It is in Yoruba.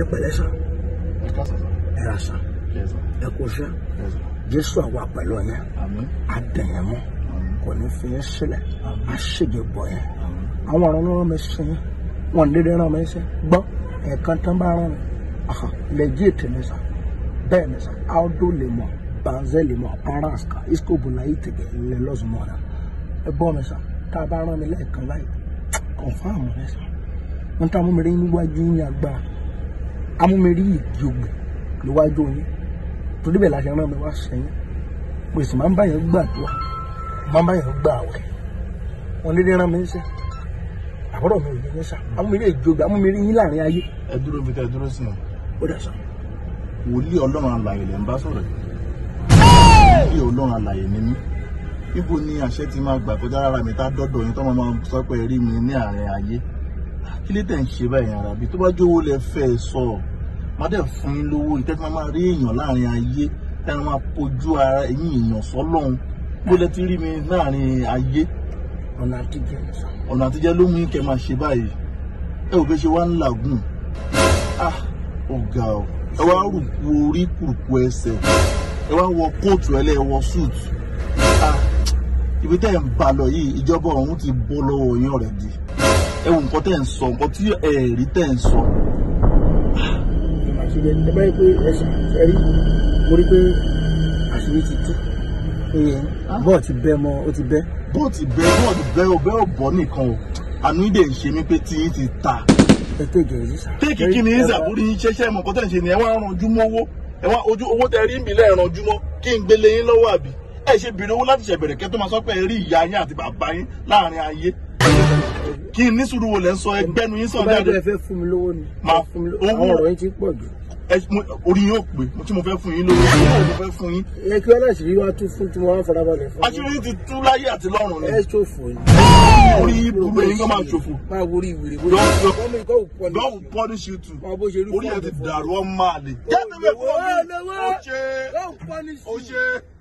ẹ pẹ̀lẹ́ sá ẹ ra sá ẹ kó sá jésù àwa pẹ̀lú yẹn adẹ̀yẹ̀ mọ́ kò ní fi yín sílẹ̀ á ṣègbè bọ̀ yẹn àwọn ọ̀rọ̀ ni wọ́n mi sin yín wọn ò dédé ràn mí sí gbọ́ ẹ̀ẹ̀kan tán bá ràn mí lẹ́jìtì ni sá bẹ́ẹ̀ ni sá áódó lè mọ̀ banzẹ́ lè mọ̀ paranska iskobo láyé tẹ̀gẹ̀ lẹ́ lọ́sùmọ̀ rẹ̀ ẹ bọ́ mi sá amúmeri ìdí ògbè níwájú yín torí bẹ́ẹ̀ la ṣe rán mi wá sẹ́yìn mo sì máa ń báyàn gbàdúrà máa ń báyàn gbà wẹ̀ wọn lé rán mi ṣe àbúrò mi ò yẹn ṣá amúmeri ìdí ògbè amúmeri yín láàrin ayé. ẹ dúró mi tẹ dúró sí i. ó dà sọ. wòlíì ọlọ́run alààyè lẹ́ ń bá sọ̀rọ̀ yìí wòlíì ọlọ́run alààyè ni mí níbo ni àṣẹ ti máa gbà kọjá rárá mi tá dọ́dọ̀ yín tọ́mọ máa sọ pé rí mi ní àárín ayé kí ló tẹ̀ ń ṣe báyìí ara tó bá jówó lẹ fẹ́ sọ máa dẹ̀ fún yín lówó ìtẹ́tí máa máa rí èèyàn láàrin ayé tẹ́ ẹ máa kojú ara ẹ̀yìn èèyàn sọ́lọ́run bó lẹ ti rí mi láàrin ayé. ọ̀nà àtijọ́ ọ̀nà àtijọ́ ló mú kẹ́ máa ṣe báyìí ẹ ò fẹ́ ṣe wá ń làágùn ah, ọ̀gá o ẹ wá rùkú orí kùrùkù ẹsẹ̀ ẹ wá wọ kóòtù ẹlẹ́wọ súùtù ah ibi tẹ́ ẹ̀ ń bá lọ yìí ìjọba ọ̀hún ti bọ́ lọ́wọ́ yín ọ̀rẹ́dì ẹ wò nǹkan tẹ́ ẹ̀ ń sọ nǹkan tí ẹ̀ẹ́rí tẹ́ ẹ̀ ń sọ ti lẹ ẹ bá pé ẹsùn ẹ rí mo rí pé àṣírí ti tú hmm. bọ́ọ̀ ti bẹ́ mọ́ ó ti bẹ́. bọ́ọ̀ ti bẹ́ bọ́ọ̀ ti bẹ́ ó bẹ́ ó bọ́ nìkan o àánú ìdè ń ṣe mí pé tí yín ti ta. ẹ tètè rí sà. kéèkì kí ni ìsà kúrò yín ṣẹṣẹ mọ kọ́tà ṣe ni ẹ wá ranjú mọ́ owó ẹ wá ojú owó tẹ rí mi lẹ́ẹ̀ranjú mọ́ kí n gbélé yín lọ́wọ́ àbí ẹ ṣe bèrè owó láti ṣẹ̀bẹ̀rẹ̀ kẹ́ máa sọ pé ẹ rí ìyá yín àti bàbá yín láàrin ayé kí n ní sùúrù wo lẹ ń sọ ẹgbẹ́nu yín sọ jáde. báyọ̀ ẹ fẹ́ fún mi lówó ni. máa fún mi lówó ọ̀rọ̀ yín ti pọ̀ jù orí yóò pé tí mo fẹ́ fún yín lórí tí mo fẹ́ fún yín. ẹ kí wọn láti rí wá tún fún tí wọn á farabalẹ̀ fún. aṣírí ti tú láyé àti lọ́rùn ni. ẹ ṣòfò ni. orí ibùdó yín kan máa ṣòfò. máa worí ìwé rẹ. God will punish you too. orí ẹ ti dàrú ọ́ máa lè. jẹ́ tẹ́lẹ̀ fún mi. o ṣe o ṣe.